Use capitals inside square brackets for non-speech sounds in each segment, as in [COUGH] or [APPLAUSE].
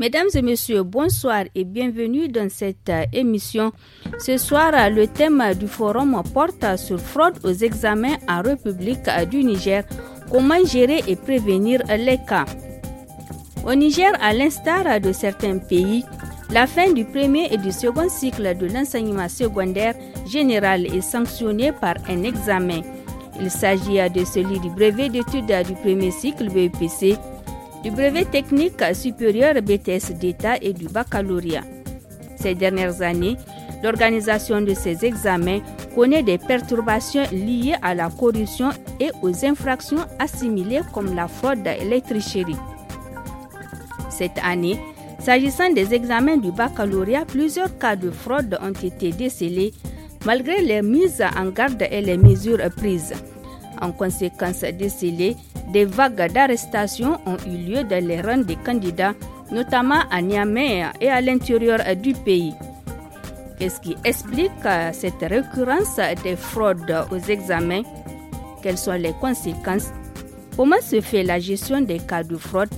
Mesdames et messieurs, bonsoir et bienvenue dans cette euh, émission. Ce soir, euh, le thème du forum porte sur fraude aux examens en République euh, du Niger. Comment gérer et prévenir les cas Au Niger, à l'instar de certains pays, la fin du premier et du second cycle de l'enseignement secondaire général est sanctionnée par un examen. Il s'agit de celui du brevet d'études du premier cycle BEPC du brevet technique supérieur BTS d'État et du baccalauréat. Ces dernières années, l'organisation de ces examens connaît des perturbations liées à la corruption et aux infractions assimilées comme la fraude et les Cette année, s'agissant des examens du baccalauréat, plusieurs cas de fraude ont été décelés malgré les mises en garde et les mesures prises. En conséquence décelée, des vagues d'arrestations ont eu lieu dans les rangs des candidats, notamment à Niamey et à l'intérieur du pays. Qu'est-ce qui explique euh, cette récurrence des fraudes aux examens Quelles sont les conséquences Comment se fait la gestion des cas de fraude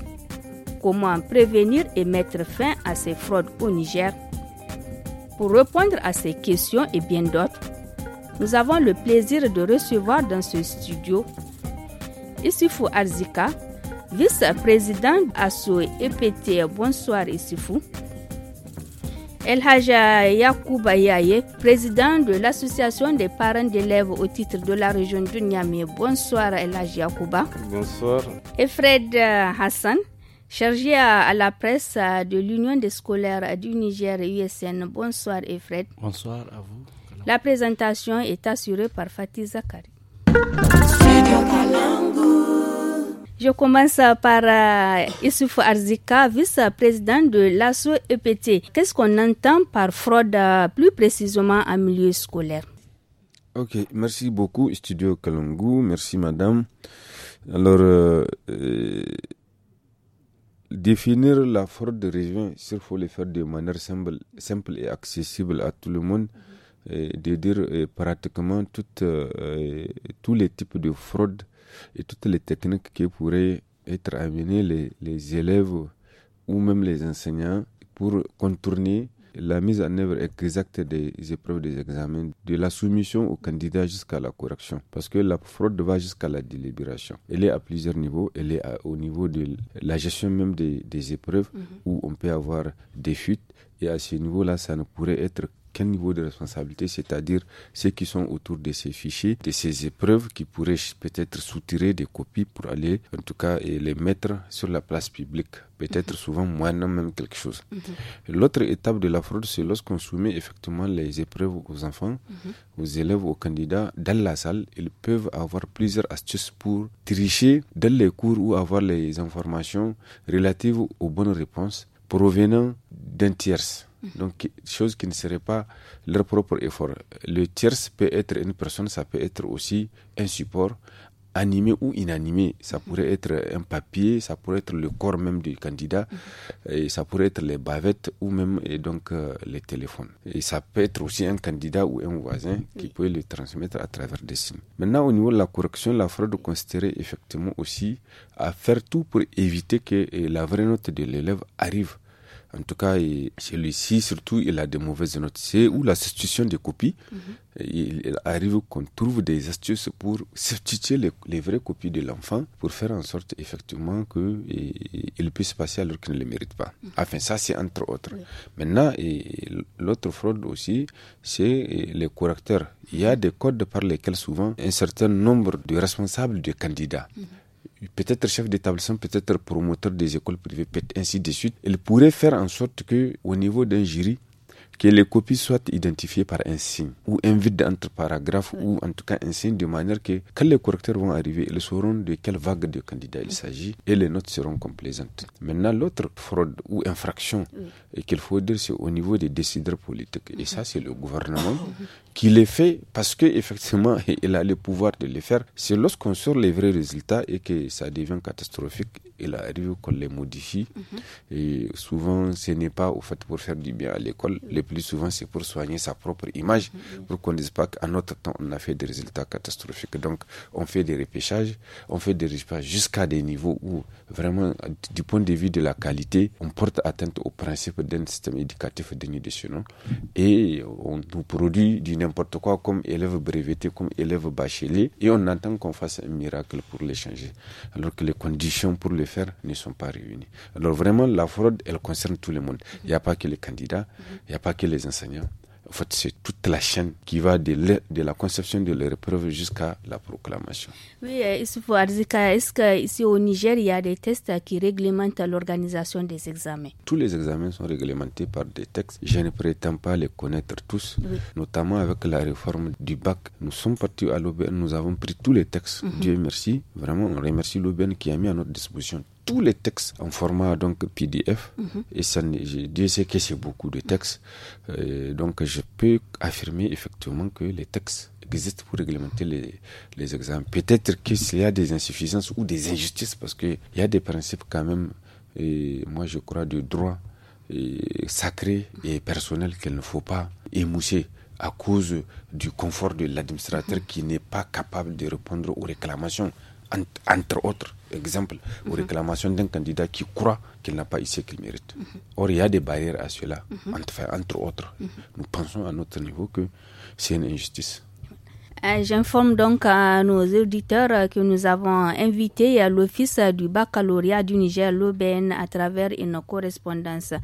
Comment prévenir et mettre fin à ces fraudes au Niger Pour répondre à ces questions et bien d'autres, nous avons le plaisir de recevoir dans ce studio Isifu Arzika, vice-président ASSO EPT. Bonsoir Isifou. Elhaja Yakuba Yaye, président de l'association des parents d'élèves au titre de la région du Niamey. Bonsoir Elhaja Yakuba. Bonsoir. Et Hassan, chargé à la presse de l'Union des scolaires du Niger USN. Bonsoir Efred. Bonsoir à vous. La présentation est assurée par Fatih Zakari. Je commence par euh, Arzika, vice-président de laso EPT. Qu'est-ce qu'on entend par fraude euh, plus précisément en milieu scolaire Ok, merci beaucoup Studio Kalangou, merci madame. Alors, euh, euh, définir la fraude de région, il faut le faire de manière simple et accessible à tout le monde de dire euh, pratiquement toutes, euh, euh, tous les types de fraudes et toutes les techniques qui pourraient être amenées les, les élèves ou même les enseignants pour contourner la mise en œuvre exacte des épreuves des examens, de la soumission au candidat jusqu'à la correction. Parce que la fraude va jusqu'à la délibération. Elle est à plusieurs niveaux. Elle est au niveau de la gestion même des, des épreuves, mhm. où on peut avoir des fuites. Et à ce niveau-là, ça ne pourrait être quel niveau de responsabilité, c'est-à-dire ceux qui sont autour de ces fichiers, de ces épreuves qui pourraient peut-être soutirer des copies pour aller, en tout cas, et les mettre sur la place publique, peut-être mhm. souvent moins, même quelque chose. Mhm. L'autre étape de la fraude, c'est lorsqu'on soumet effectivement les épreuves aux enfants, mhm. aux élèves, aux candidats dans la salle. Ils peuvent avoir plusieurs astuces pour tricher dans les cours ou avoir les informations relatives aux bonnes réponses provenant d'un tierce. Donc, chose qui ne serait pas leur propre effort. Le tierce peut être une personne, ça peut être aussi un support, animé ou inanimé. Ça mhm. pourrait être un papier, ça pourrait être le corps même du candidat, mhm. et ça pourrait être les bavettes ou même donc euh, les téléphones. Et ça peut être aussi un candidat ou un voisin qui peut le transmettre à travers des signes. Maintenant, au niveau de la correction, la fraude considérer effectivement aussi à faire tout pour éviter que la vraie note de l'élève arrive en tout cas, celui-ci, surtout, il a des mauvaises notes. C'est où la substitution des copies. Mhm. il, arrive qu'on trouve des astuces pour substituer les, vraies copies de l'enfant pour faire en sorte, effectivement, qu'il puisse passer alors qu'il ne le mérite pas. Mhm. Enfin, ça, c'est entre autres. Maintenant, l'autre fraude aussi, c'est les correcteurs. Il y a mhm. des codes par lesquels, souvent, un certain nombre de responsables de candidats peut-être chef d'établissement, peut-être promoteur des écoles privées, peut ainsi de suite. Elle pourrait faire en sorte que, au niveau d'un jury, que les copies soient identifiées par un signe ou un vide entre paragraphes ou en tout cas un signe de manière que quand les correcteurs vont arriver, ils sauront de quelle vague de candidats il s'agit et les notes seront complaisantes. Maintenant, l'autre fraude ou infraction qu'il faut dire, c'est au niveau des décideurs politiques. Et ça, c'est le gouvernement qui les fait parce qu'effectivement, [LAUGHS] il a le pouvoir de les faire. C'est lorsqu'on sort les vrais résultats et que ça devient catastrophique, il arrive qu'on les modifie. Mhm. Et souvent, ce n'est pas au fait pour faire du bien à l'école. Les plus souvent, c'est pour soigner sa propre image, mhm. pour qu'on ne dise pas qu'à notre temps, on a fait des résultats catastrophiques. Donc, on fait des repêchages, on fait des repêchages jusqu'à des niveaux où, vraiment, du point de vue de la qualité, on porte atteinte au principe d'un système éducatif digne de ce nom. Et on nous produit du n'importe quoi comme élève breveté, comme élève bachelier, et on attend qu'on fasse un miracle pour les changer, alors que les conditions pour le faire ne sont pas réunies. Alors, vraiment, la fraude, elle concerne tout le monde. Il n'y a pas que les candidats, il n'y a pas que les enseignants. En fait, c'est toute la chaîne qui va de, la, de la conception de l'épreuve jusqu'à la proclamation. Oui, euh, Issoufou Arzika, est-ce qu'ici au Niger, il y a des tests qui réglementent l'organisation des examens Tous les examens sont réglementés par des textes. Je ne prétends pas les connaître tous, notamment avec la réforme du bac. Nous sommes partis à l'OBN, nous avons pris tous les textes. Mhm. Dieu merci. Vraiment, on remercie l'OBN qui a mis à notre disposition tous les textes en format donc PDF. Mhm. Et ça, Dieu sait que c'est beaucoup de textes. donc, je peux affirmer effectivement que les textes existent pour réglementer les, les examens. Peut-être qu'il y a des insuffisances ou des injustices parce qu'il y a des principes quand même, et moi je crois, de droit sacré et personnel qu'il ne faut pas émousser à cause du confort de l'administrateur mhm. qui n'est pas capable de répondre aux réclamations, entre autres exemple, aux mhm. réclamations d'un candidat qui croit qu'il n'a pas ici qu'il mérite. Mhm. Or, il y a des barrières à cela, mhm. enfin, entre autres. Nous pensons à notre niveau que c'est une injustice. Euh, j'informe donc à euh, nos auditeurs euh, que nous avons invité l'Office du baccalauréat du Niger, l'OBN, à travers une correspondance.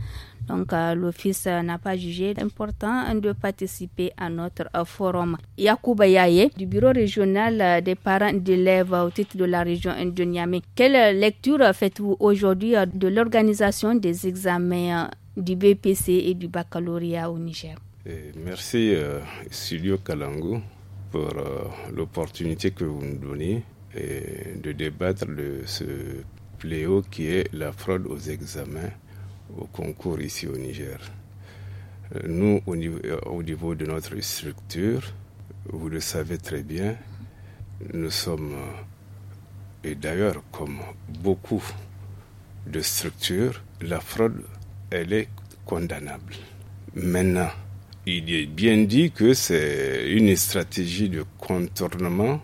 Donc euh, l'Office euh, n'a pas jugé important de participer à notre euh, forum. Yacouba Yaye, du bureau régional des parents d'élèves au titre de la région de Quelle lecture faites-vous aujourd'hui de l'organisation des examens du BPC et du baccalauréat au Niger eh, Merci Silio Kalangu, pour l'opportunité que vous nous donnez eh, de débattre de ce pléau qui est la fraude aux examens au concours ici au Niger. Euh, nous, euh, au niveau, de notre structure, vous le savez très bien, nous sommes, euh, et d'ailleurs comme beaucoup de structures, la fraude, elle est condamnable. Maintenant, il est bien dit que c'est une stratégie de contournement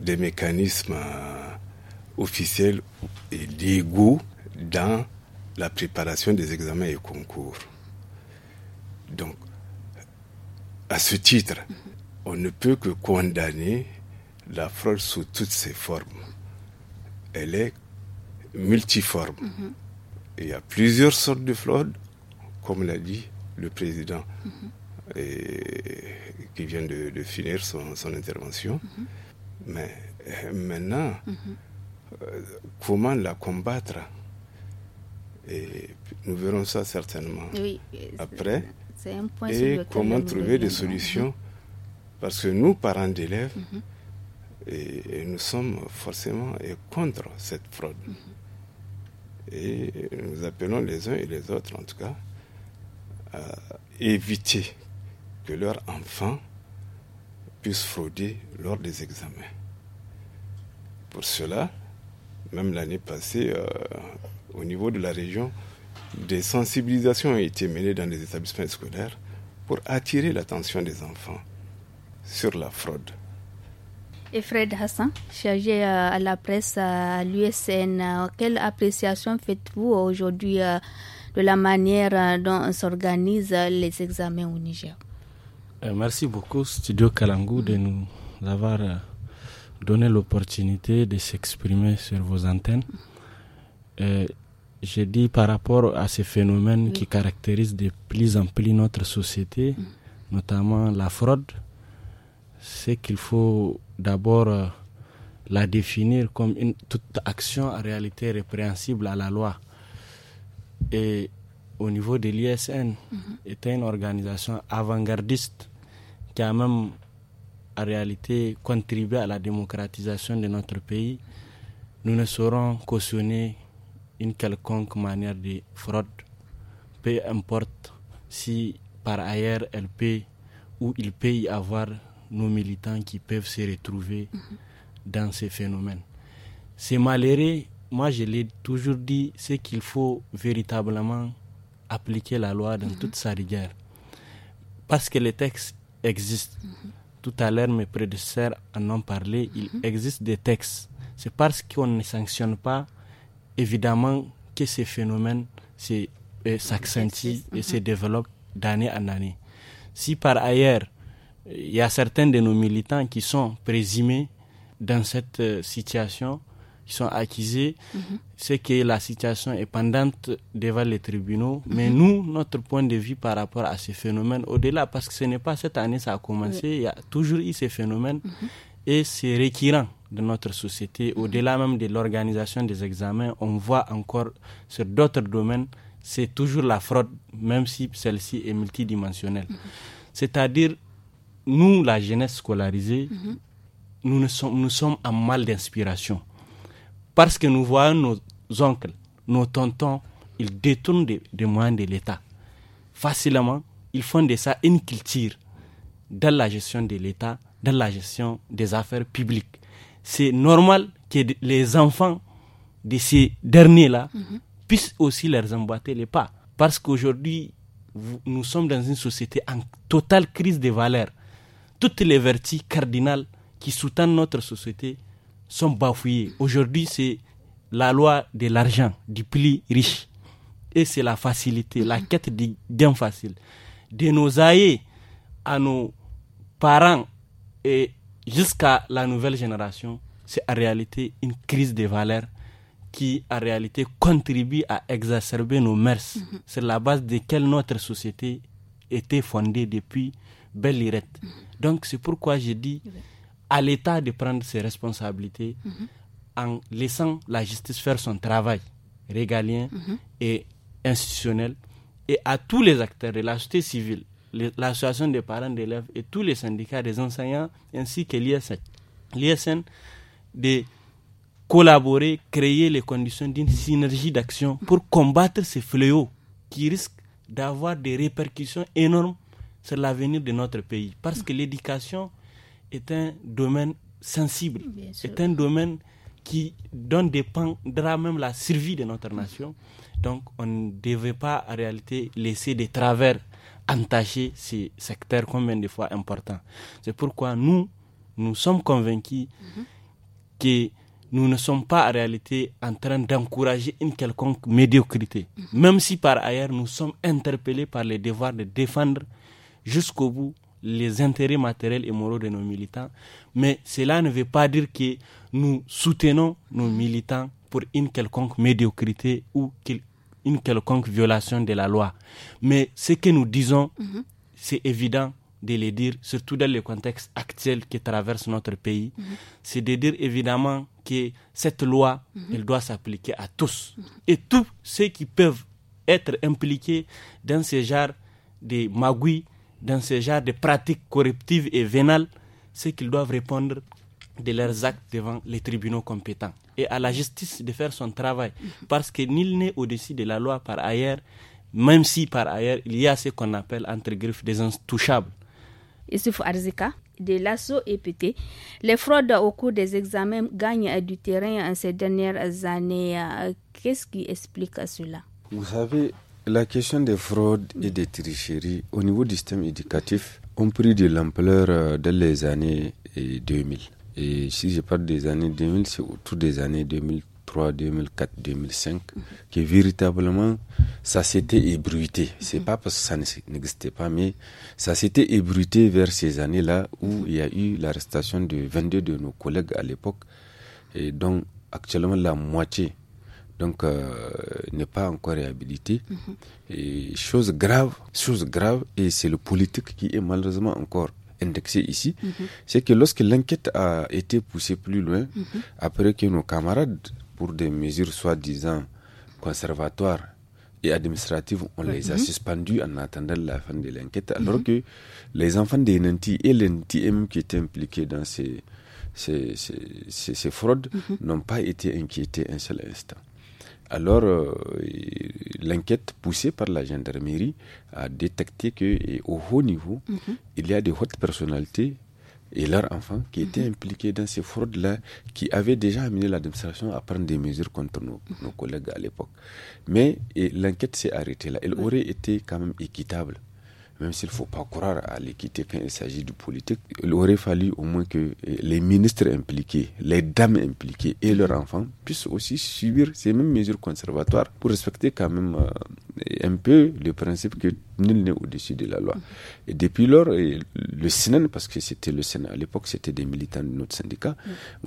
des mécanismes officiels et légaux dans la préparation des examens et concours. Donc, à ce titre, mhm. on ne peut que condamner la fraude sous toutes ses formes. Elle est multiforme. Mhm. Il y a plusieurs sortes de fraudes, comme l'a dit le président mhm. et, qui vient de, finir son, intervention. Mais euh, maintenant, euh, comment la combattre et nous verrons ça certainement après. et comment trouver des solutions. Parce que nous, parents d'élèves, mhm. nous sommes forcément contre cette fraude. Mhm. Et nous appelons les uns et les autres, en tout cas, à éviter que leurs enfants puissent frauder lors des examens. Pour cela, même l'année passée, euh, au niveau de la région, des sensibilisations ont été menées dans les établissements scolaires pour attirer l'attention des enfants sur la fraude. Et Fred Hassan, chargé euh, à la presse à l'USN, euh, quelle appréciation faites-vous aujourd'hui euh, de la manière dont s'organisent les examens au Niger Merci beaucoup, Studio Kalangou, de nous avoir donné l'opportunité de s'exprimer sur vos antennes. J'ai dit par rapport à ces phénomènes qui caractérisent de plus en plus notre société, notamment la fraude, c'est qu'il faut d'abord euh, la définir comme une, toute action en réalité répréhensible à la loi. Et au niveau de l'ISN, étant mhm. une organisation avant-gardiste qui a même en réalité contribué à la démocratisation de notre pays. Nous ne saurons cautionner une quelconque manière de fraude, peu importe si par ailleurs elle paye ou il peut y avoir nos militants qui peuvent se retrouver mhm. dans ces phénomènes. C'est malheureux, moi je l'ai toujours dit, c'est qu'il faut véritablement appliquer la loi dans mhm. toute sa rigueur. Parce que les textes existent. Mhm. Tout à l'heure, mes prédécesseurs en ont parlé, il existe des textes. C'est parce qu'on ne sanctionne pas évidemment que ces phénomènes euh, s'accentuent et se mhm. développent d'année en année. Si par ailleurs, euh, il y a certains de nos militants qui sont présumés dans cette euh, situation, qui sont accusés, mhm. c'est que la situation est pendante devant les tribunaux. Mhm. Mais nous, notre point de vue par rapport à ces phénomènes, au-delà, parce que ce n'est pas cette année ça a commencé, il y a toujours eu ces phénomènes et c'est récurrent de notre société. Au-delà même de l'organisation des examens, on voit encore sur d'autres domaines, c'est toujours la fraude, même si celle-ci est multidimensionnelle. Mm-hmm. C'est-à-dire, nous, la jeunesse scolarisée, mm-hmm. nous, sommes, nous sommes en mal d'inspiration. Parce que nous voyons nos oncles, nos tontons, ils détournent des moyens de l'État. Facilement, ils font de ça une culture dans la gestion de l'État, dans la gestion des affaires publiques. C'est normal que les enfants de ces derniers-là mhm. puissent aussi leur emboîter les pas. Parce qu'aujourd'hui, nous sommes dans une société en totale crise des valeurs. Toutes les vertus cardinales qui soutiennent notre société sont bafouillées. Aujourd'hui, c'est la loi de l'argent, du plus riche. Et c'est la facilité, la mhm. quête des gain facile. De nos aïeux à nos parents, et jusqu'à la nouvelle génération, c'est en réalité une crise des valeurs qui en réalité contribue à exacerber nos mœurs mhm. C'est la base de laquelle notre société était fondée depuis belle mhm. Donc c'est pourquoi je dis à l'État de prendre ses responsabilités mhm. en laissant la justice faire son travail régalien et institutionnel et à tous les acteurs de la société civile l'association des parents d'élèves et tous les syndicats des enseignants ainsi que l'ISN, de collaborer, créer les conditions d'une synergie d'action pour combattre ces fléaux qui risquent d'avoir des répercussions énormes sur l'avenir de notre pays. Parce que l'éducation est un domaine sensible, est un domaine qui donne dépendra même la survie de notre nation. Donc on ne devait pas en réalité laisser des travers entacher ces secteurs combien de fois importants. C'est pourquoi nous, nous sommes convaincus que nous ne sommes pas en réalité en train d'encourager une quelconque médiocrité, même si par ailleurs nous sommes interpellés par le devoir de défendre jusqu'au bout les intérêts matériels et moraux de nos militants, mais cela ne veut pas dire que nous soutenons nos militants pour une quelconque médiocrité ou qu'ils une quelconque violation de la loi. Mais ce que nous disons, mhm. c'est évident de le dire, surtout dans le contexte actuel qui traverse notre pays, mhm. c'est de dire évidemment que cette loi, mhm. elle doit s'appliquer à tous. Et tous ceux qui peuvent être impliqués dans ce genre de magouilles, dans ce genre de pratiques corruptives et vénales, c'est qu'ils doivent répondre de leurs actes devant les tribunaux compétents et à la justice de faire son travail. Parce que nul n'est au-dessus de la loi par ailleurs, même si par ailleurs il y a ce qu'on appelle entre griffes des intouchables. Yusuf Arzika de l'assaut e EPT. Les fraudes au cours des examens gagnent du terrain en ces dernières années. Euh, qu'est-ce qui explique cela Vous savez, la question des fraudes et des tricheries au niveau du système éducatif ont pris de l'ampleur euh, dans les années 2000. Euh, et si je parle des années 2000, c'est autour des années 2003, 2004, 2005 que véritablement ça s'était ébruité. C'est mhm. pas parce que ça n'existait pas, mais ça s'était ébruité vers ces années-là où il y a eu l'arrestation de 22 de nos collègues à l'époque et donc actuellement la moitié donc euh, n'est pas encore réhabilité. Mhm. Et chose grave, chose grave, et c'est le politique qui est malheureusement encore indexé ici, mhm. c'est que lorsque l'enquête a été poussée plus loin, mhm. après que nos camarades, pour des mesures soi-disant conservatoires et administratives, on les a mhm. suspendus en attendant la fin de l'enquête, alors que les enfants des Nanti et les qui étaient impliqués dans ces, ces fraudes n'ont pas été inquiétés un seul instant. Alors, euh, l'enquête poussée par la gendarmerie a détecté qu'au haut niveau, mhm. il y a des hautes personnalités et leurs enfants qui étaient mhm. impliqués dans ces fraudes-là, qui avaient déjà amené l'administration à prendre des mesures contre nos mhm. collègues à l'époque. Mais l'enquête s'est arrêtée là. Elle aurait été quand même équitable même s'il ne faut pas croire à l'équité quand il s'agit de politique, il aurait fallu au moins que eh, les ministres impliqués, les dames impliquées et leurs enfants puissent aussi subir ces mêmes mesures conservatoires pour respecter quand même euh, un peu le principe que nul n'est au-dessus de la loi. Mm-hmm. Et depuis lors, le Sénat, parce que c'était le Sénat, à l'époque c'était des militants de notre syndicat,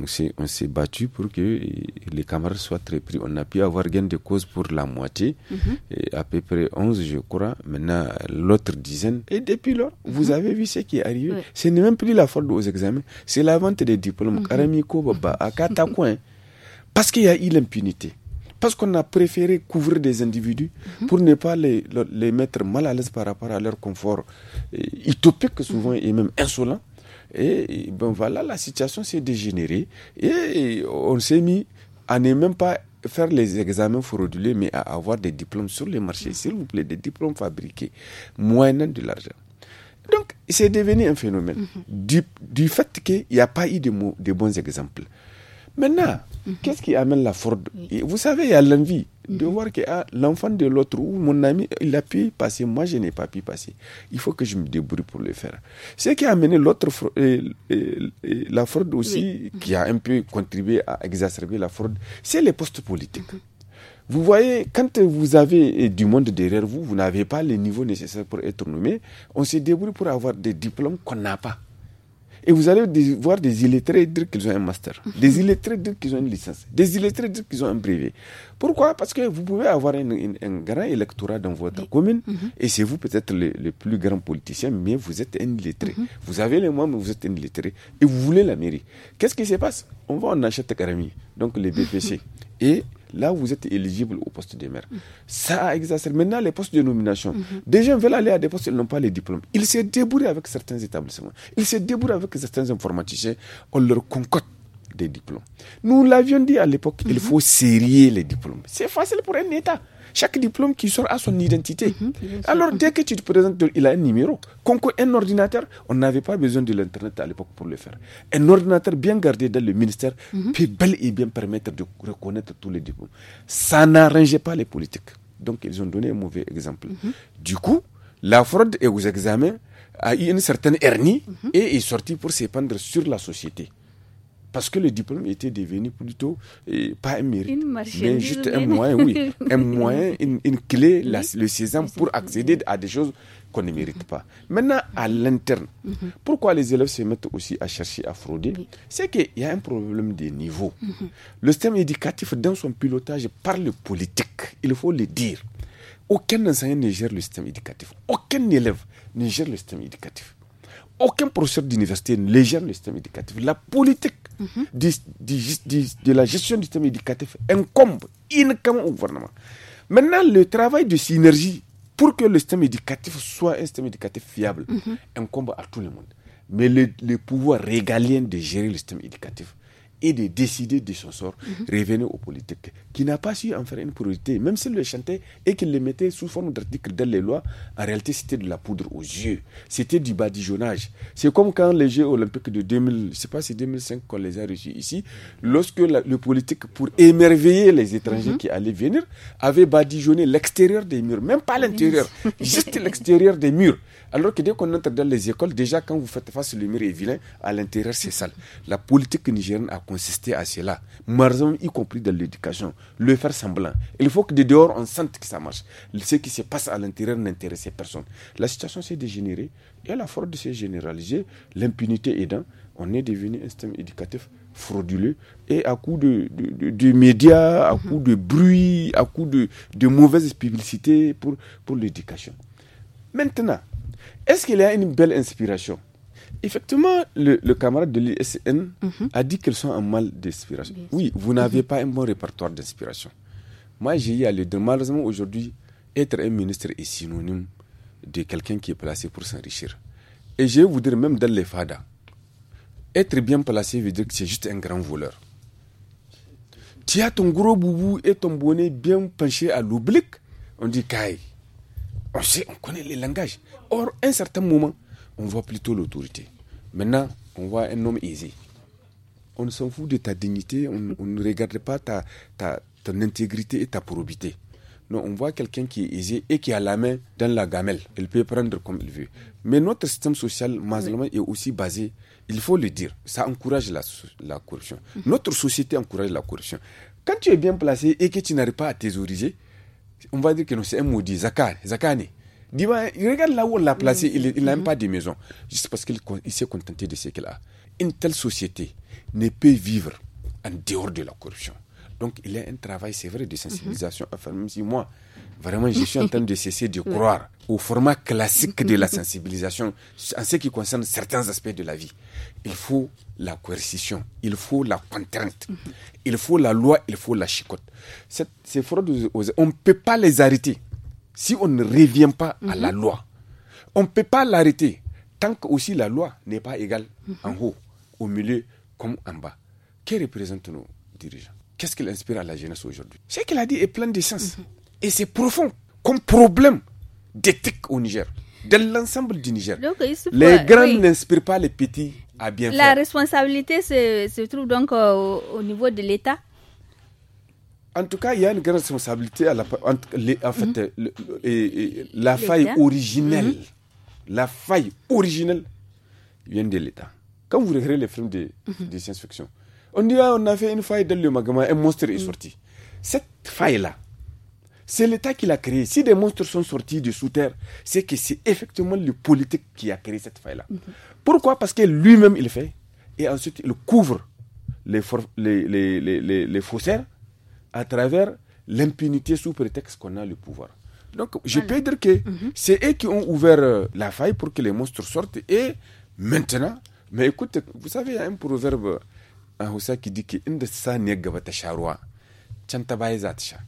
mm-hmm. on s'est battu pour que les camarades soient repris. On a pu avoir gain de cause pour la moitié, mm-hmm. et à peu près 11 je crois, maintenant l'autre dizaine. Et depuis lors, vous avez vu ce qui est arrivé. Ce n'est même plus la faute aux examens, c'est la vente des diplômes. Karamiko Baba, à Parce qu'il y a eu l'impunité. Parce qu'on a préféré couvrir des individus mhm. pour ne pas les, mettre mal à l'aise par rapport à leur confort eh, utopique souvent mhm. et même insolent. Et, ben voilà, la situation s'est dégénérée et on s'est mis à ne même pas faire les examens fraudulés, mais à avoir des diplômes sur les marchés, mhm. s'il vous plaît, des diplômes fabriqués, moyennant de l'argent. Donc, c'est devenu un phénomène du, du, fait qu'il n'y a pas eu de, de bons exemples. Maintenant, Mhm. Qu'est-ce qui amène la fraude Vous savez, il y a l'envie de mhm. voir que ah, l'enfant de l'autre ou mon ami, il a pu passer, moi je n'ai pas pu passer. Il faut que je me débrouille pour le faire. Ce qui a amené l'autre, la fraude aussi, qui a un peu contribué à exacerber la fraude, c'est les postes politiques. Mhm. Vous voyez, quand vous avez eh, du monde derrière vous, vous n'avez pas les niveaux nécessaires pour être nommé, on se débrouille pour avoir des diplômes qu'on n'a pas. Et vous allez voir des illettrés dire qu'ils ont un master, des mhm. illettrés dire qu'ils ont une licence, des illettrés dire qu'ils ont un privé. Pourquoi Parce que vous pouvez avoir un grand électorat dans votre commune mhm. et c'est vous peut-être le, plus grand politicien, mais vous êtes un illettré. Mhm. Vous avez les moyens, mais vous êtes un illettré et vous voulez la mairie. Qu'est-ce qui se passe On va en acheter Karami, donc les BPC. [LAUGHS] et là vous êtes éligible au poste de maire. Ça a exacerbé. Maintenant, les postes de nomination. Des gens veulent aller à des postes, ils n'ont pas les diplômes. Ils se débrouillent avec certains établissements. Ils se débrouillent avec certains informaticiens. On leur concote des diplômes. Nous l'avions dit à l'époque, il mhm. faut serrer les diplômes. C'est facile pour un État. Chaque diplôme qui sort a son mhm. identité. Mhm. Alors dès que tu te présentes, il a un numéro. Concours un ordinateur, on n'avait pas besoin de l'Internet à l'époque pour le faire. Un ordinateur bien gardé dans le ministère peut bel et bien permettre de reconnaître tous les diplômes. Ça n'arrangeait pas les politiques. Donc ils ont donné un mauvais exemple. Du coup, la fraude et aux examens a eu une certaine hernie et est sortie pour s'épandre sur la société parce que le diplôme était devenu plutôt eh, pas un mérite, mais juste un moyen, oui, [LAUGHS] un moyen, une, clé, le sésame pour accéder à des choses qu'on ne mérite mhm. pas. Maintenant, à l'interne, mhm. pourquoi les élèves se mettent aussi à chercher à frauder C'est qu'il y a un problème des niveaux. Mhm. Le système éducatif, dans son pilotage par le politique, il faut le dire, aucun enseignant ne gère le système éducatif, aucun élève ne gère le système éducatif. Aucun professeur d'université ne gère le système éducatif. La politique Mm-hmm. de la gestion du système éducatif incombe uniquement au gouvernement. Maintenant, le travail de synergie pour que le système éducatif soit un système éducatif fiable mm-hmm. incombe à tout le monde. Mais le pouvoir régalien de gérer le système éducatif, et de décider de son sort, mhm. revenait aux politiques, qui n'a pas su en faire une priorité, même s'il le chantait et qu'il le mettait sous forme d'article dans les lois, en réalité c'était de la poudre aux yeux, c'était du badigeonnage. C'est comme quand les Jeux olympiques de 2000, je sais pas si 2005 qu'on les a reçus ici, lorsque le politique, pour émerveiller les étrangers mhm. qui allaient venir, avait badigeonné l'extérieur des murs, même pas l'intérieur, juste l'extérieur des murs. Alors que dès qu'on entre dans les écoles, déjà quand vous faites face le mur est vilain, à l'intérieur c'est sale. La politique nigérienne a consisté à cela, marzon y compris dans l'éducation, le faire semblant. Il faut que de dehors on sente que ça marche. Ce qui se passe à l'intérieur n'intéresse personne. La situation s'est dégénérée et la de se généraliser l'impunité aidant, on est devenu un système éducatif frauduleux et à coup de, de, médias, à mhm. coup de bruit, à coup de, mauvaises publicités pour, pour l'éducation. Maintenant, est-ce qu'il y a une belle inspiration Effectivement, le, camarade de l'ISN mhm. a dit qu'ils sont en mal d'inspiration. Oui, vous n'avez mhm. pas un bon répertoire d'inspiration. Moi, j'ai eu à le Malheureusement, aujourd'hui, être un ministre est synonyme de quelqu'un qui est placé pour s'enrichir. Et je vais vous dire, même dans les fadas, être bien placé veut dire que c'est juste un grand voleur. Tu as ton gros boubou et ton bonnet bien penché à l'oblique. On dit, kai. On sait, on connaît les langages. Or, à un certain moment, on voit plutôt l'autorité. Maintenant, on voit un homme aisé. On s'en fout de ta dignité, on, ne regarde pas ta, ta, ton intégrité et ta probité. Non, on voit quelqu'un qui est aisé et qui a la main dans la gamelle. Il peut prendre comme il veut. Mais notre système social, malheureusement, est aussi basé, il faut le dire, ça encourage la, la corruption. Notre société encourage la corruption. Quand tu es bien placé et que tu n'arrives pas à thésauriser, on va dire que c'est un maudit, Zakar, Zakane. Regarde là où on l'a placé, il n'a même pas de maison. Juste parce qu'il s'est contenté de ce qu'il a. Une telle société ne peut vivre en dehors de la corruption. Donc il a un travail, c'est vrai, de sensibilisation à enfin, même si moi, Vraiment, je suis en train de cesser de croire au format classique de la sensibilisation en ce qui concerne certains aspects de la vie. Il faut la coercition, il faut la contrainte, il faut la loi, il faut la chicote. ces fraudes, on ne peut pas les arrêter si on ne revient pas à la loi. On ne peut pas l'arrêter tant que aussi la loi n'est pas égale en haut, au milieu comme en bas. Que représentent nos dirigeants Qu'est-ce qu'il inspire à la jeunesse aujourd'hui Ce qu'il a dit est plein de sens. Et c'est profond comme problème d'éthique au Niger, de l'ensemble du Niger. les grands n'inspirent pas les petits à bien La responsabilité se, trouve donc au, niveau de l'État en tout cas, il y a une grande responsabilité à la, en fait, mhm. la faille originelle. Mhm. La faille originelle vient de l'État. Quand vous regardez les films de, mhm. science-fiction, on dit ah, on a fait une faille dans le magma, un monstre est sorti. Cette faille-là, c'est l'État qui l'a créé. Si des monstres sont sortis de sous terre, c'est que c'est effectivement le politique qui a créé cette faille-là. Mhm. Pourquoi Parce que lui-même, il le fait. Et ensuite, il couvre les, les, les, faussaires à travers l'impunité sous prétexte qu'on a le pouvoir. Donc, je peux dire que mhm. c'est eux qui ont ouvert euh, la faille pour que les monstres sortent. Et maintenant, mais écoute, vous savez, il y a un proverbe euh, en qui dit que «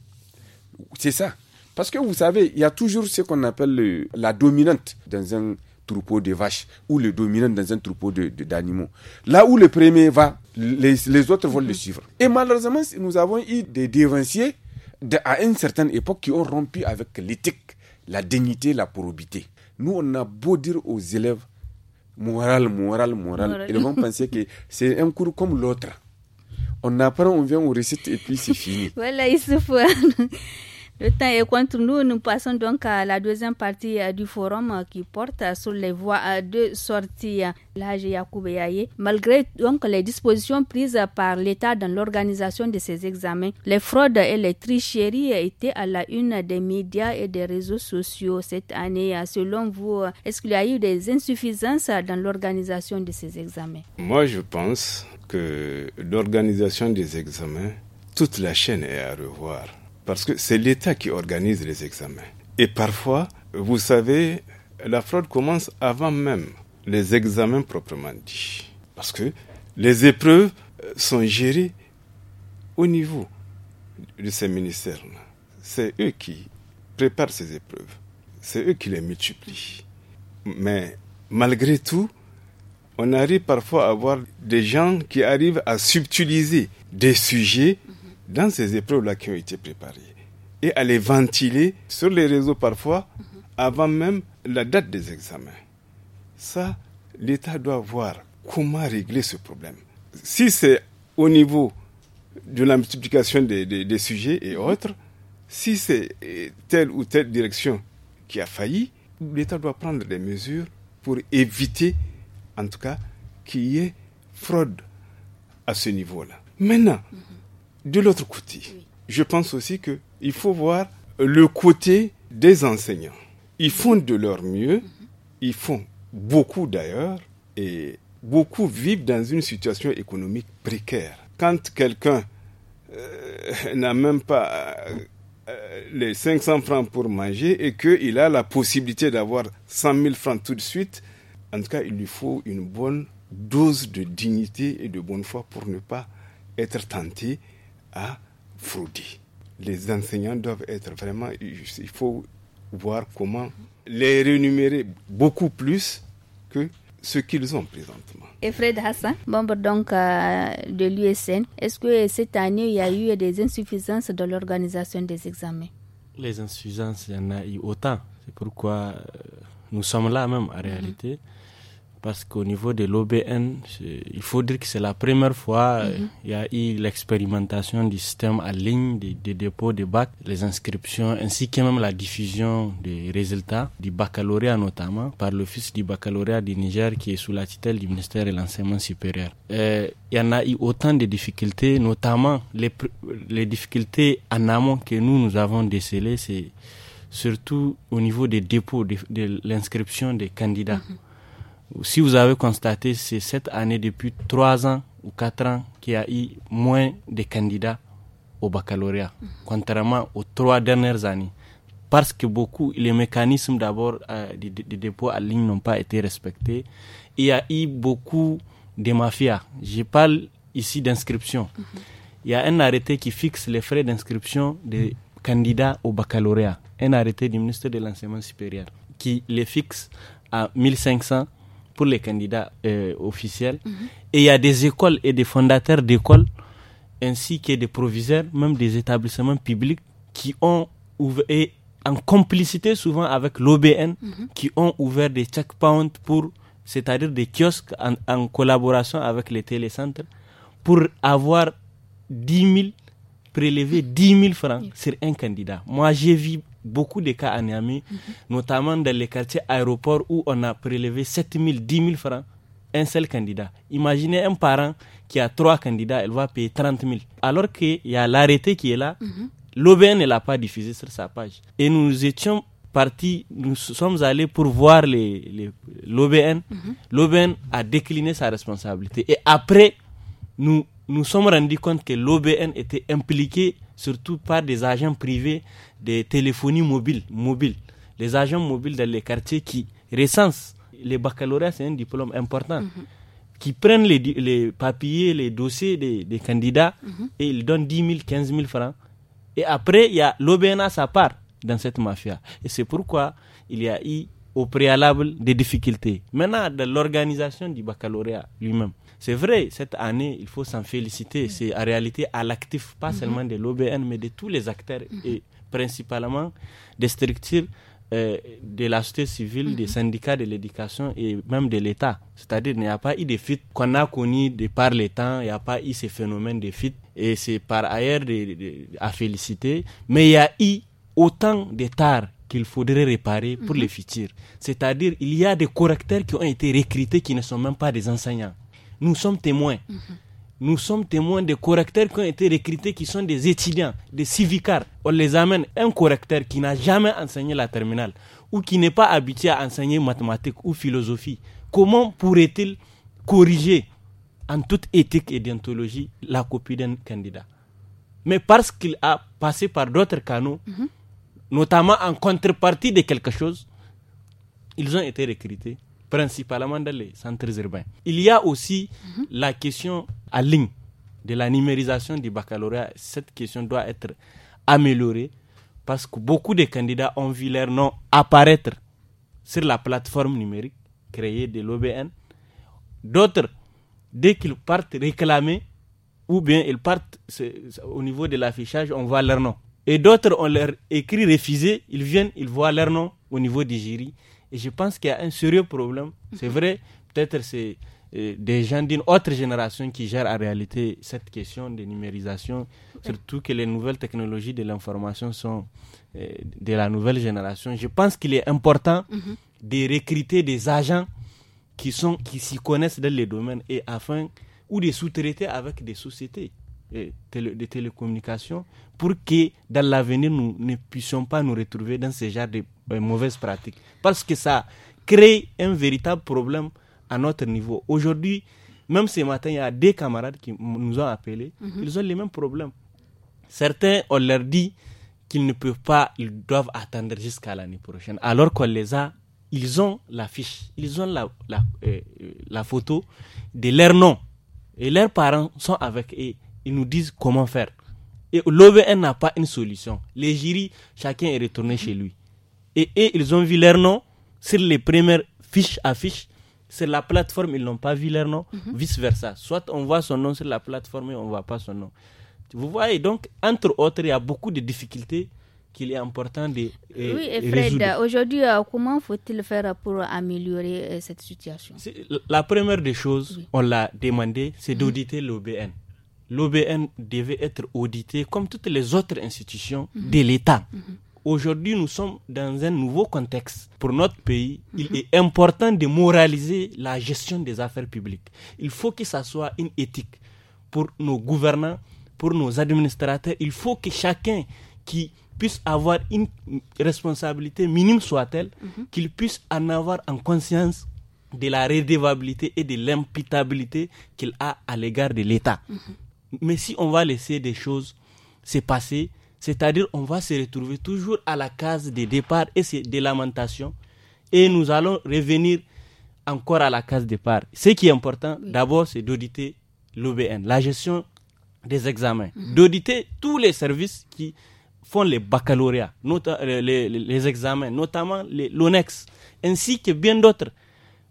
c'est ça. Parce que vous savez, il y a toujours ce qu'on appelle la dominante dans un troupeau de vaches ou le dominant dans un troupeau d'animaux. De, Là où le premier va, les, autres vont le mhm. suivre. Et malheureusement, nous avons eu des dévanciers de, à une certaine époque qui ont rompu avec l'éthique, la dignité, la probité. Nous, on a beau dire aux élèves moral, moral, moral, ils vont [LAUGHS] penser que c'est un cours comme l'autre. On apprend, on vient, aux récite et puis c'est fini. Voilà, il se le temps est contre nous. Nous passons donc à la deuxième partie euh, du forum euh, qui porte euh, sur les voies de sortie. L'âge Yaye. Malgré donc les dispositions prises par l'État dans l'organisation de ces examens, les fraudes et les tricheries étaient à la une des médias et des réseaux sociaux cette année. Selon vous, est-ce qu'il y a eu des insuffisances dans l'organisation de ces examens Moi, je pense que l'organisation des examens, toute la chaîne est à revoir parce que c'est l'État qui organise les examens. Et parfois, vous savez, la fraude commence avant même les examens proprement dits. Parce que les épreuves euh, sont gérées au niveau de ces ministères. C'est eux qui préparent ces épreuves. C'est eux qui les multiplient. Mais malgré tout, on arrive parfois à voir des gens qui arrivent à subtiliser des sujets dans ces épreuves-là qui ont été préparées et à les ventiler sur les réseaux parfois mhm. avant même la date des examens. Ça, l'État doit voir comment régler ce problème. Si c'est au niveau de la multiplication des, sujets et mhm. autres, si c'est telle ou telle direction qui a failli, l'État doit prendre des mesures pour éviter, en tout cas, qu'il y ait fraude à ce niveau-là. Maintenant, mhm. De l'autre côté, je pense aussi qu'il faut voir le côté des enseignants. Ils font de leur mieux, mhm. ils font beaucoup d'ailleurs, et beaucoup vivent dans une situation économique précaire. Quand quelqu'un euh, [LAUGHS] n'a même pas euh, les 500 francs pour manger et qu'il a la possibilité d'avoir 100 000 francs tout de suite, en tout cas, il lui faut une bonne dose de dignité et de bonne foi pour ne pas être tenté à frauder. Les enseignants doivent être vraiment, il faut voir comment les rémunérer beaucoup plus que ce qu'ils ont présentement. Et Fred Hassan, membre donc euh, de l'USN, est-ce que cette année il y a eu des insuffisances dans l'organisation des examens Les insuffisances, il y en a eu autant. C'est pourquoi euh, nous sommes là même en réalité parce qu'au niveau de l'OBN, il faut dire que c'est la première fois qu'il euh, mhm. y a eu l'expérimentation du système en ligne des, dépôts de bac, les inscriptions, ainsi que même la diffusion des résultats du baccalauréat notamment par l'Office du baccalauréat du Niger qui est sous la tutelle du ministère de l'enseignement supérieur. Euh, il y en a eu autant de difficultés, notamment les, difficultés en amont que nous, nous avons décelées, c'est surtout au niveau des dépôts, de, l'inscription des candidats. Mhm. Si vous avez constaté, c'est cette année depuis trois ans ou quatre ans qu'il y a eu moins de candidats au baccalauréat, contrairement aux trois dernières années. Parce que beaucoup, les mécanismes d'abord euh, de des, dépôts en ligne n'ont pas été respectés. Il y a eu beaucoup de mafias. Je parle ici d'inscription. Mhm. Il y a un arrêté qui fixe les frais d'inscription des candidats au baccalauréat. Un arrêté du ministère de l'Enseignement supérieur qui les fixe à 1500 les candidats euh, officiels. Mhm. Et il y a des écoles et des fondateurs d'écoles, ainsi que des proviseurs, même des établissements publics, qui ont ouvert, et en complicité souvent avec l'OBN, mhm. qui ont ouvert des checkpoints pour, c'est-à-dire des kiosques en, collaboration avec les télécentres, pour avoir 10 000, prélever 10 000 francs c'est sur un candidat. Moi, j'ai vu beaucoup de cas à Niamey, mhm. notamment dans les quartiers aéroports où on a prélevé 7 000, 10 000 francs, un seul candidat. Imaginez un parent qui a trois candidats, elle va payer 30 000. Alors qu'il y a l'arrêté qui est là, mhm. l'OBN ne l'a pas diffusé sur sa page. Et nous étions partis, nous sommes allés pour voir l'OBN. Les, L'OBN mhm. a décliné sa responsabilité. Et après, nous nous sommes rendus compte que l'OBN était impliqué surtout par des agents privés des téléphonies mobiles. mobiles Les agents mobiles dans les quartiers qui recensent les baccalauréats, c'est un diplôme important. Mhm. Qui prennent les, papiers, les dossiers des, candidats mhm. et ils donnent 10 000, 15 000 francs. Et après, il y a l'OBN à sa part dans cette mafia. Et c'est pourquoi il y a eu au préalable des difficultés. Maintenant, de l'organisation du baccalauréat lui-même. C'est vrai, cette année, il faut s'en féliciter. Mm. C'est en réalité à l'actif, pas mm-hmm. seulement de l'OBN, mais de tous les acteurs mm-hmm. et principalement des structures euh, de la société civile, des mm-hmm. syndicats de l'éducation et même de l'État. C'est-à-dire qu'il n'y a pas eu de fuite qu'on a connu de par les temps, il n'y a pas eu ces phénomènes de fuite et c'est par ailleurs à féliciter, mais il y a eu autant d'états qu'il faudrait réparer pour les mhm. le futur. C'est-à-dire, il y a des correcteurs qui ont été recrutés qui ne sont même pas des enseignants. Nous sommes témoins. Mhm. Nous sommes témoins des correcteurs qui ont été recrutés qui sont des étudiants, des civicards. On les amène un correcteur qui n'a jamais enseigné la terminale ou qui n'est pas habitué à enseigner mathématiques ou philosophie. Comment pourrait-il corriger en toute éthique et déontologie la copie d'un candidat Mais parce qu'il a passé par d'autres canaux, mhm notamment en contrepartie de quelque chose, ils ont été recrutés principalement dans les centres urbains. Il y a aussi la question à ligne de la numérisation du baccalauréat. Cette question doit être améliorée parce que beaucoup de candidats ont vu leur nom apparaître sur la plateforme numérique créée de l'OBN. D'autres, dès qu'ils partent réclamer, ou bien ils partent au niveau de l'affichage, on voit leur nom. Et d'autres, ont leur écrit refusé, ils viennent, ils voient leur nom au niveau des jury. Et je pense qu'il y a un sérieux problème. C'est vrai, peut-être c'est euh, des gens d'une autre génération qui gèrent en réalité cette question de numérisation, surtout que les nouvelles technologies de l'information sont euh, de la nouvelle génération. Je pense qu'il est important de recruter des agents qui sont qui s'y connaissent dans les domaines et afin ou de sous-traiter avec des sociétés de télécommunications pour que dans l'avenir, nous ne puissions pas nous retrouver dans ce genre de mauvaise euh, mauvaises pratiques. Parce que ça crée un véritable problème à notre niveau. Aujourd'hui, même ce matin, il y a des camarades qui nous ont appelés. Mhm. Ils ont les mêmes problèmes. Certains, on leur dit qu'ils ne peuvent pas, ils doivent attendre jusqu'à l'année prochaine. Alors qu'on les a, ils ont la fiche, ils ont la, la, euh, euh, la photo de leur nom. Et leurs parents sont avec eux ils nous disent comment faire. Et l'OBN n'a pas une solution. Les jurys, chacun est retourné chez lui. Et, ils ont vu leur nom sur les premières fiches à fiches. Sur la plateforme, ils n'ont pas vu leur nom, mhm. vice-versa. Soit on voit son nom sur la plateforme et on ne voit pas son nom. Vous voyez, donc, entre autres, il y a beaucoup de difficultés qu'il est important de euh, Oui, et aujourd'hui, euh, comment faut-il faire pour améliorer euh, cette situation La première des choses, on l'a demandé, c'est d'auditer l'OBN l'OBN devait être audité comme toutes les autres institutions de l'État. Aujourd'hui, nous sommes dans un nouveau contexte. Pour notre pays, il est important de moraliser la gestion des affaires publiques. Il faut que ça soit une éthique pour nos gouvernants, pour nos administrateurs. Il faut que chacun qui puisse avoir une responsabilité minime soit-elle, qu'il puisse en avoir en conscience de la redevabilité et de l'imputabilité qu'il a à l'égard de l'État. Mais si on va laisser des choses se passer, c'est-à-dire on va se retrouver toujours à la case de départ et c'est des lamentations. Et nous allons revenir encore à la case départ. Ce qui est important, d'abord, c'est d'auditer l'OBN, la gestion des examens, mm-hmm. d'auditer tous les services qui font les baccalauréats, euh, les, les, examens, notamment l'ONEX, ainsi que bien d'autres.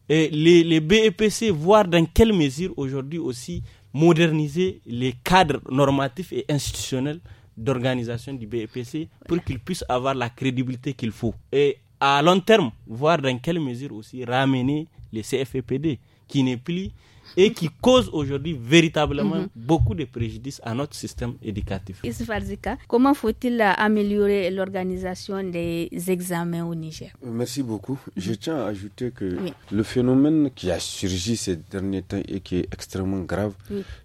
les, les BEPC, voir dans quelle mesure aujourd'hui aussi moderniser les cadres normatifs et institutionnels d'organisation du BEPC pour qu'ils puissent avoir la crédibilité qu'il faut. Et à long terme, voir dans quelle mesure aussi ramener les CFEPD qui n'est plus et qui cause aujourd'hui véritablement mhm. beaucoup de préjudices à notre système éducatif. Isfarzika, comment faut-il améliorer l'organisation des examens au Niger Merci beaucoup. Mhm. Je tiens à ajouter que le phénomène qui a surgi ces derniers temps et qui est extrêmement grave,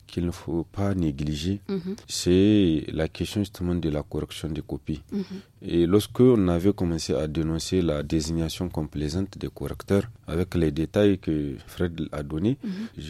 qu'il ne faut pas négliger, mhm. c'est la question justement de la correction des copies. Et lorsque on avait commencé à dénoncer la désignation complaisante des correcteurs, avec les détails que Fred a donnés,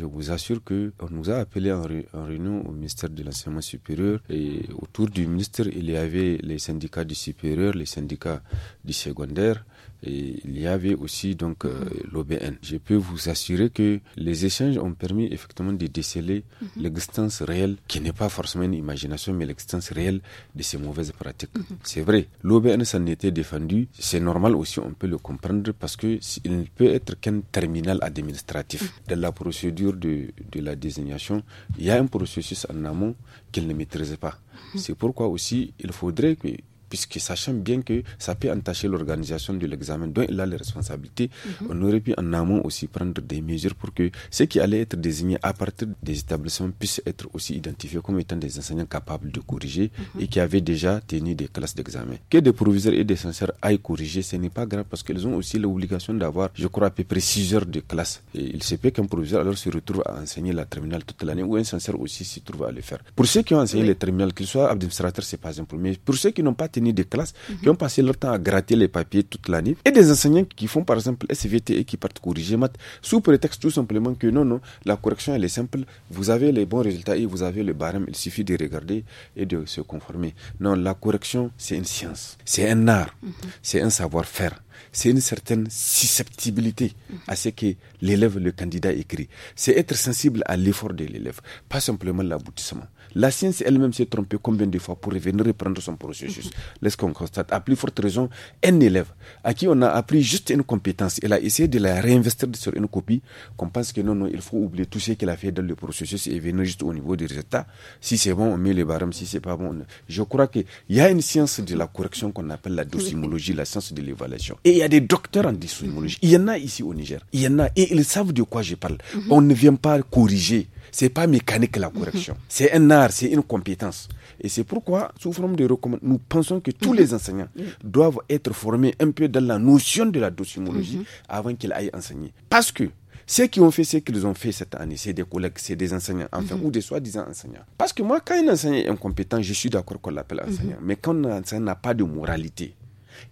je vous assure que on nous a appelé en, en réunion au ministère de l'enseignement supérieur et autour du ministère, il y avait les syndicats du supérieur, les syndicats du secondaire, il y avait aussi donc euh, l'OBN. Je peux vous assurer que les échanges ont permis effectivement de déceler mhm. l'existence réelle, qui n'est pas forcément une imagination, mais l'existence réelle de ces mauvaises pratiques. Mhm. C'est vrai, l'OBN s'en était défendu, c'est normal aussi, on peut le comprendre, parce que il ne peut être qu'un terminal administratif. Mhm. Dans la procédure de, de la désignation, il y a un processus en amont qu'il ne maîtrisait pas. C'est pourquoi aussi, il faudrait que puisque sachant bien que ça peut entacher l'organisation de l'examen dont il a les responsabilités, mhm. on aurait pu en amont aussi prendre des mesures pour que ceux qui allaient être désignés à partir des établissements puissent être aussi identifiés comme étant des enseignants capables de corriger mhm. et qui avaient déjà tenu des classes d'examen. Que des proviseurs et des censeurs aillent corriger, ce n'est pas grave parce qu'ils ont aussi l'obligation d'avoir, je crois, à peu près 6 heures de classe. Et il se peut qu'un proviseur alors se retrouve à enseigner la terminale toute l'année ou un censeur aussi s'y trouve à le faire. Pour ceux qui ont enseigné les terminales, qu'ils soient administrateurs, c'est pas un problème. Pour ceux qui n'ont pas tenu des classes qui ont passé leur temps à gratter les papiers toute l'année, et des enseignants qui font par exemple SVT et qui partent corriger maths, sous prétexte tout simplement que non, non, la correction elle est simple, vous avez les bons résultats et vous avez le barème, il suffit de regarder et de se conformer. Non, la correction c'est une science, c'est un art, c'est un savoir-faire c'est une certaine susceptibilité à ce que l'élève, le candidat écrit. C'est être sensible à l'effort de l'élève, pas simplement l'aboutissement. La science elle-même s'est trompée combien de fois pour revenir reprendre son processus mhm. Laisse qu'on constate, à plus forte raison, un élève à qui on a appris juste une compétence, il a essayé de la réinvestir sur une copie, qu'on pense que non, non, il faut oublier tout ce qu'il a fait dans le processus et venir juste au niveau des résultats. Si c'est bon, on met les barèmes, si c'est pas bon, je crois qu'il y a une science de la correction qu'on appelle la docimologie, la science de l'évaluation. Et il y a des docteurs en docimologie. Il y en a ici au Niger. Il y en a et ils savent de quoi je parle. Mhm. On ne vient pas corriger c'est pas mécanique la correction. Mhm. C'est un art, c'est une compétence. Et c'est pourquoi, sous forme de nous pensons que tous mhm. les enseignants mhm. doivent être formés un peu dans la notion de la docimologie avant qu'ils aillent enseigner. Parce que ceux qui ont fait ce qu'ils ont fait cette année, c'est des collègues, c'est des enseignants, enfin, ou des soi-disant enseignants. Parce que moi, quand un enseignant est incompétent, je suis d'accord qu'on l'appelle enseignant. Mais quand un enseignant n'a pas de moralité,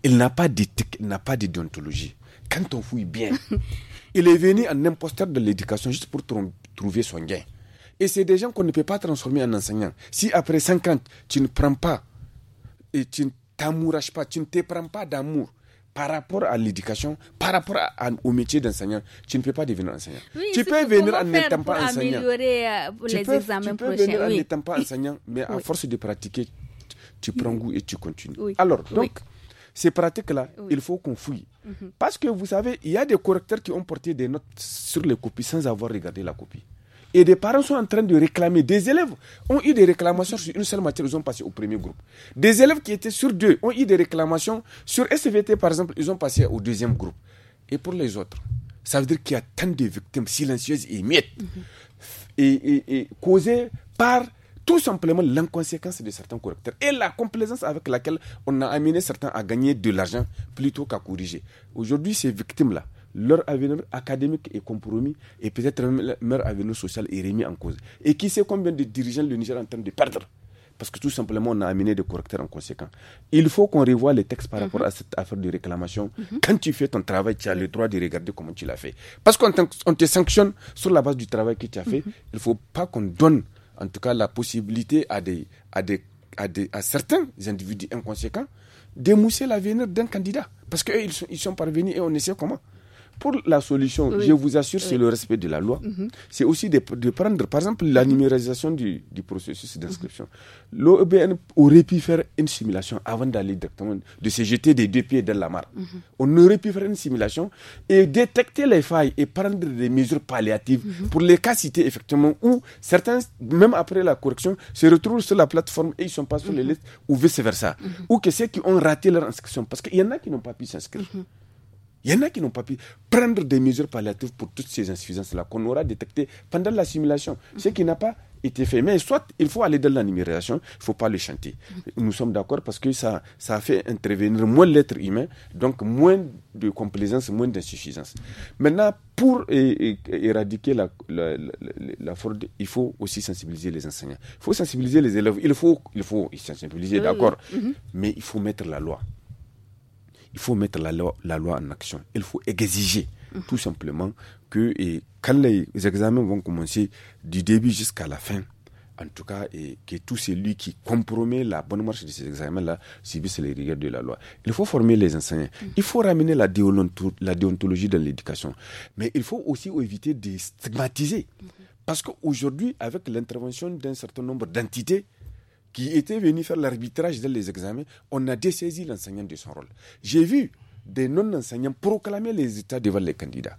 il n'a pas d'éthique, il n'a pas d'idéontologie. Quand on fouille bien, [LAUGHS] il est venu en imposteur de l'éducation juste pour trouver son gain. Et c'est des gens qu'on ne peut pas transformer en enseignants. Si après 50, tu ne prends pas et tu ne t'amourages pas, tu ne te prends pas d'amour par rapport à l'éducation, par rapport au métier d'enseignant, tu ne peux pas devenir enseignant. Euh, tu peux venir en n'étant pas enseignant. tu venir en n'étant pas enseignant, mais à force de pratiquer, tu prends goût et tu continues. Alors, donc, ces pratiques-là, il faut qu'on fouille. Mhm. Parce que vous savez, il y a des correcteurs qui ont porté des notes sur les copies sans avoir regardé la copie. Et des parents sont en train de réclamer. Des élèves ont eu des réclamations sur une seule matière, ils ont passé au premier groupe. Des élèves qui étaient sur deux ont eu des réclamations sur SVT, par exemple, ils ont passé au deuxième groupe. Et pour les autres, ça veut dire qu'il y a tant de victimes silencieuses et miettes, et, causées par tout simplement l'inconséquence de certains correcteurs et la complaisance avec laquelle on a amené certains à gagner de l'argent plutôt qu'à corriger. Aujourd'hui, ces victimes-là, leur avenir académique est compromis et peut-être même leur avenir social est remis en cause. Et qui sait combien de dirigeants le Niger en train de perdre parce que tout simplement, on a amené des correcteurs en conséquence. Il faut qu'on revoie les textes par mhm. rapport à cette affaire de réclamation. Mhm. Quand tu fais ton travail, tu as le droit de regarder comment tu l'as fait. Parce qu'on te sanctionne sur la base du travail que tu as fait. Mhm. Il ne faut pas qu'on donne, en tout cas, la possibilité à, des, à, des, à, des, à certains individus inconséquents d'émousser l'avenir d'un candidat. Parce qu'ils sont, ils sont parvenus et on ne sait comment pour la solution, je vous assure, c'est le respect de la loi. Mhm. C'est aussi de, prendre, par exemple, la numérisation du, processus d'inscription. L'OEBN aurait pu faire une simulation avant d'aller directement, de se jeter des deux pieds dans la mare. Mhm. On aurait pu faire une simulation et détecter les failles et prendre des mesures palliatives mhm. pour les cas cités, effectivement, où certains, même après la correction, se retrouvent sur la plateforme et ils ne sont pas sur les listes ou vice-versa. Ou que ceux qui ont raté leur inscription, parce qu'il y en a qui n'ont pas pu s'inscrire. Il y en a qui n'ont pas pu prendre des mesures palliatives pour toutes ces insuffisances-là qu'on aura détectées pendant la simulation, ce qui n'a pas été fait. Mais soit il faut aller dans la il ne faut pas le chanter. Nous sommes d'accord parce que ça, ça fait intervenir moins l'être humain, donc moins de complaisance, moins d'insuffisance. Maintenant, pour éradiquer la, fraude, il faut aussi sensibiliser les enseignants. Il faut sensibiliser les élèves. Il faut, il faut sensibiliser, d'accord, mhm. mais il faut mettre la loi il faut mettre la loi, la loi en action. Il faut exiger tout simplement que quand les examens vont commencer du début jusqu'à la fin, en tout cas, et que tout celui qui compromet la bonne marche de ces examens-là subisse les rigueurs de la loi. Il faut former les enseignants. Il faut ramener la, déontologie dans l'éducation. Mais il faut aussi éviter de stigmatiser. Parce qu'aujourd'hui, avec l'intervention d'un certain nombre d'entités, qui était venu faire l'arbitrage dans les examens, on a dessaisi l'enseignant de son rôle. J'ai vu des non-enseignants proclamer les états devant les candidats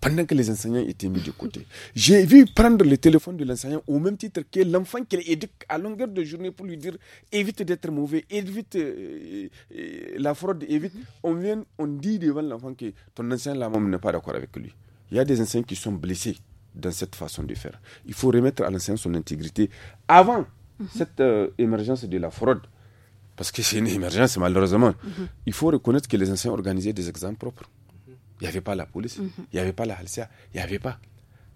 pendant que les enseignants étaient mis de côté. J'ai vu prendre le téléphone de l'enseignant au même titre que l'enfant qu'il éduque à longueur de journée pour lui dire évite d'être mauvais, évite euh, euh, la fraude, évite. On vient, on dit devant l'enfant que ton enseignant, la maman n'est pas d'accord avec lui. Il y a des enseignants qui sont blessés dans cette façon de faire. Il faut remettre à l'enseignant son intégrité avant Mhm. cette euh, émergence de la fraude, parce que c'est une émergence malheureusement, mhm. il faut reconnaître que les anciens organisaient des examens propres. Mhm. Il n'y avait pas la police, il n'y avait pas la Halcia, il n'y avait pas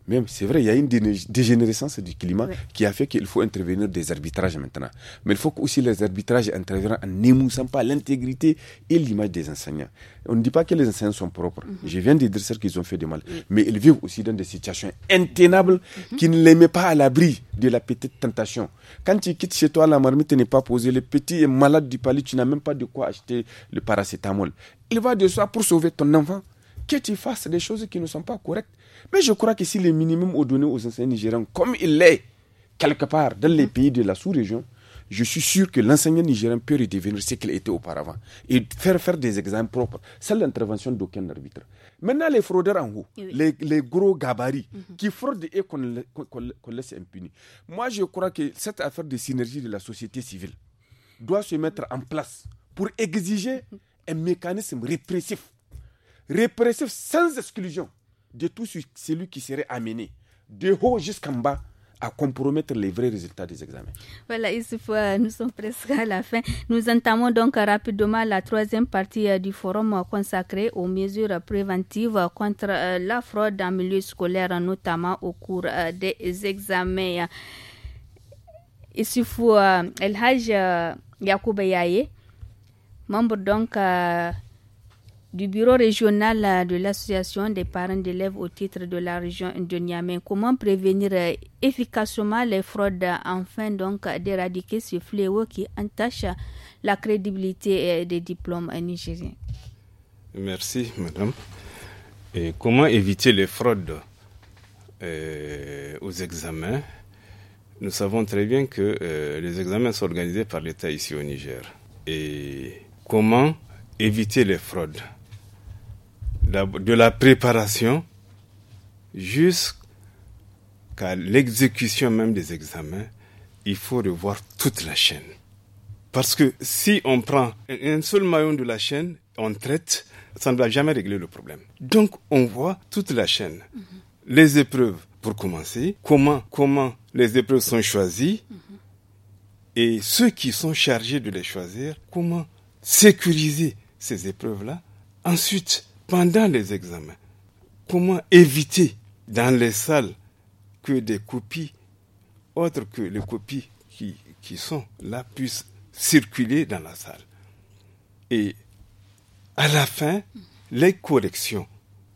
même, c'est vrai, il y a une dégénérescence du climat qui a fait qu'il faut intervenir des arbitrages maintenant. Mais il faut que aussi les arbitrages interviennent en n'émoussant pas l'intégrité et l'image des enseignants. On ne dit pas que les enseignants sont propres. Mhm. Je viens de dire qu'ils ont fait du mal. Mais ils vivent aussi dans des situations intenables mhm. qui ne les met pas à l'abri de la petite tentation. Quand tu quittes chez toi, la marmite n'est pas posée. Le petit est malade du palais, tu n'as même pas de quoi acheter le paracétamol. Il va de soi pour sauver ton enfant que tu fasses des choses qui ne sont pas correctes. Mais je crois que si le minimum est donné aux enseignants nigériens, comme il l'est quelque part dans les pays de la sous-région, je suis sûr que l'enseignant nigérien peut redevenir ce qu'il était auparavant et faire faire des examens propres C'est l'intervention d'aucun arbitre. Maintenant, les fraudeurs en haut, les, gros gabarits mhm. qui fraudent et qu'on laisse impunis. Moi, je crois que cette affaire de synergie de la société civile doit se mettre en place pour exiger un mécanisme répressif répressif sans exclusion de tout celui qui serait amené de haut jusqu'en bas à compromettre les vrais résultats des examens. Voilà, euh, nous sommes presque à la fin. Nous entamons donc rapidement la troisième partie euh, du forum consacré aux mesures préventives contre euh, la fraude en milieu scolaire, notamment au cours des examens. Il El Haj Yakoubayaye, membre donc du bureau régional euh, de l'association des parents d'élèves au titre de la région de Niamey. Comment prévenir euh, efficacement les fraudes euh, afin donc d'éradiquer ce fléau qui entache la crédibilité des diplômes nigériens Merci, madame. comment éviter les fraudes aux examens Nous savons très bien que les examens sont organisés par l'État ici au Niger. Et comment éviter les fraudes. De la préparation jusqu'à l'exécution même des examens, il faut revoir toute la chaîne. Parce que si on prend un seul maillon de la chaîne, on traite, ça ne va jamais régler le problème. Donc on voit toute la chaîne. Mm-hmm. Les épreuves, pour commencer, comment, comment les épreuves sont choisies mm-hmm. et ceux qui sont chargés de les choisir, comment sécuriser ces épreuves-là. Ensuite, pendant les examens, comment éviter dans les salles que des copies, autres que les copies qui, sont là, puissent circuler dans la salle. Et à la fin, les corrections,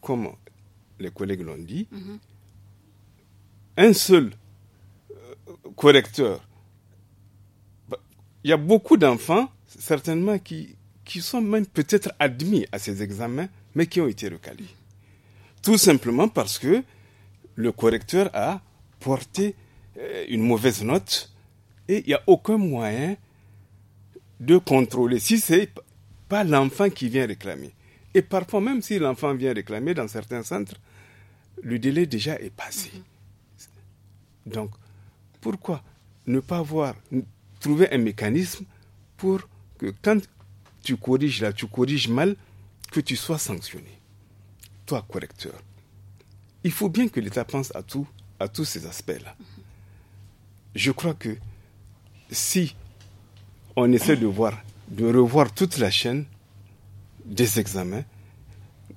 comme les collègues l'ont dit, un seul euh, correcteur. Bah, il y a beaucoup d'enfants, certainement, qui, qui sont même peut-être admis à ces examens, mais qui ont été recalés. Tout simplement parce que le correcteur a porté euh, une mauvaise note et il n'y a aucun moyen de contrôler si c'est pas l'enfant qui vient réclamer. Et parfois, même si l'enfant vient réclamer dans certains centres, le délai déjà est passé. Mm-hmm. Donc, pourquoi ne pas avoir trouvé un mécanisme pour que quand tu corriges là, tu corriges mal, que tu sois sanctionné. Toi, correcteur. Il faut bien que l'État pense à tout, à tous ces aspects-là. Je crois que si on essaie de voir, de revoir toute la chaîne des examens,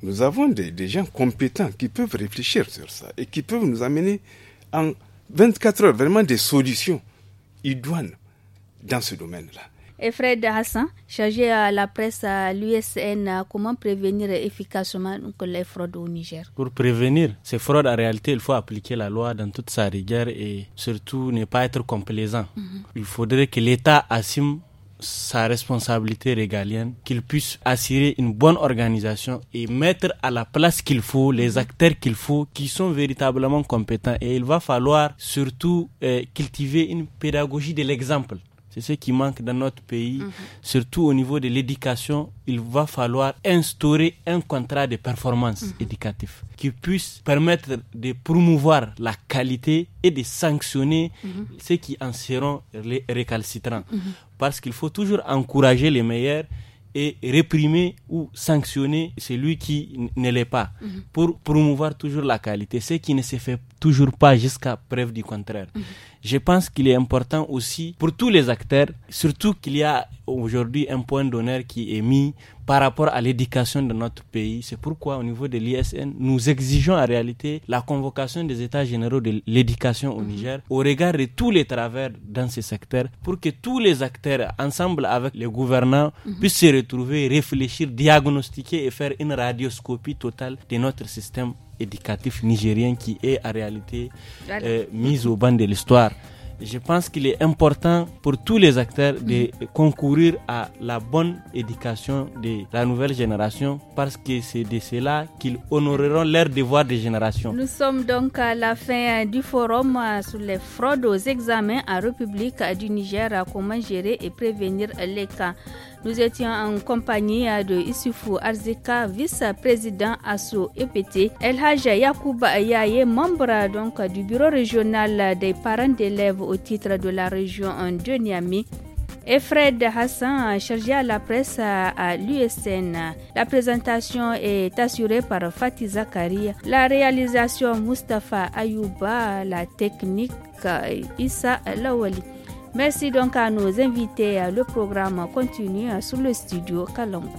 nous avons des, des, gens compétents qui peuvent réfléchir sur ça et qui peuvent nous amener en 24 heures vraiment des solutions idoines dans ce domaine-là. Et Fred Hassan, chargé à la presse à l'USN, euh, comment prévenir efficacement les fraudes au Niger Pour prévenir ces fraudes, en réalité, il faut appliquer la loi dans toute sa rigueur et surtout ne pas être complaisant. Mhm. Il faudrait que l'État assume sa responsabilité régalienne, qu'il puisse assurer une bonne organisation et mettre à la place qu'il faut les mhm. acteurs qu'il faut qui sont véritablement compétents. Et il va falloir surtout euh, cultiver une pédagogie de l'exemple. C'est ce qui manque dans notre pays, mhm. surtout au niveau de l'éducation. Il va falloir instaurer un contrat de performance mhm. éducatif qui puisse permettre de promouvoir la qualité et de sanctionner mhm. ceux qui en seront les récalcitrants. Parce qu'il faut toujours encourager les meilleurs et réprimer ou sanctionner celui qui ne l'est pas pour promouvoir toujours la qualité, ce qui ne se fait toujours pas jusqu'à preuve du contraire je pense qu'il est important aussi pour tous les acteurs, surtout qu'il y a aujourd'hui un point d'honneur qui est mis par rapport à l'éducation de notre pays. C'est pourquoi au niveau de l'ISN, nous exigeons en réalité la convocation des États généraux de l'éducation au mhm. Niger au regard de tous les travers dans ce secteur pour que tous les acteurs, ensemble avec les gouvernants, mhm. puissent se retrouver, réfléchir, diagnostiquer et faire une radioscopie totale de notre système éducatif nigérien qui est en réalité euh, mise au banc de l'histoire. Je pense qu'il est important pour tous les acteurs de mm-hmm. concourir à la bonne éducation de la nouvelle génération parce que c'est de cela qu'ils honoreront leur devoir de génération. Nous sommes donc à la fin euh, du forum euh, sur les fraudes aux examens en République du Niger, comment gérer et prévenir les cas. Nous étions en compagnie de Issoufou Arzika, vice-président ASSO EPT, El Yakouba Yaye, membre donc du bureau régional des parents d'élèves au titre de la région de Niamey, et Fred Hassan, chargé à la presse à l'USN. La présentation est assurée par Fatih Zakari, la réalisation Mustapha Ayouba, la technique Issa Lawali. Merci donc à nos invités. Le programme continue sur le studio Kalombo.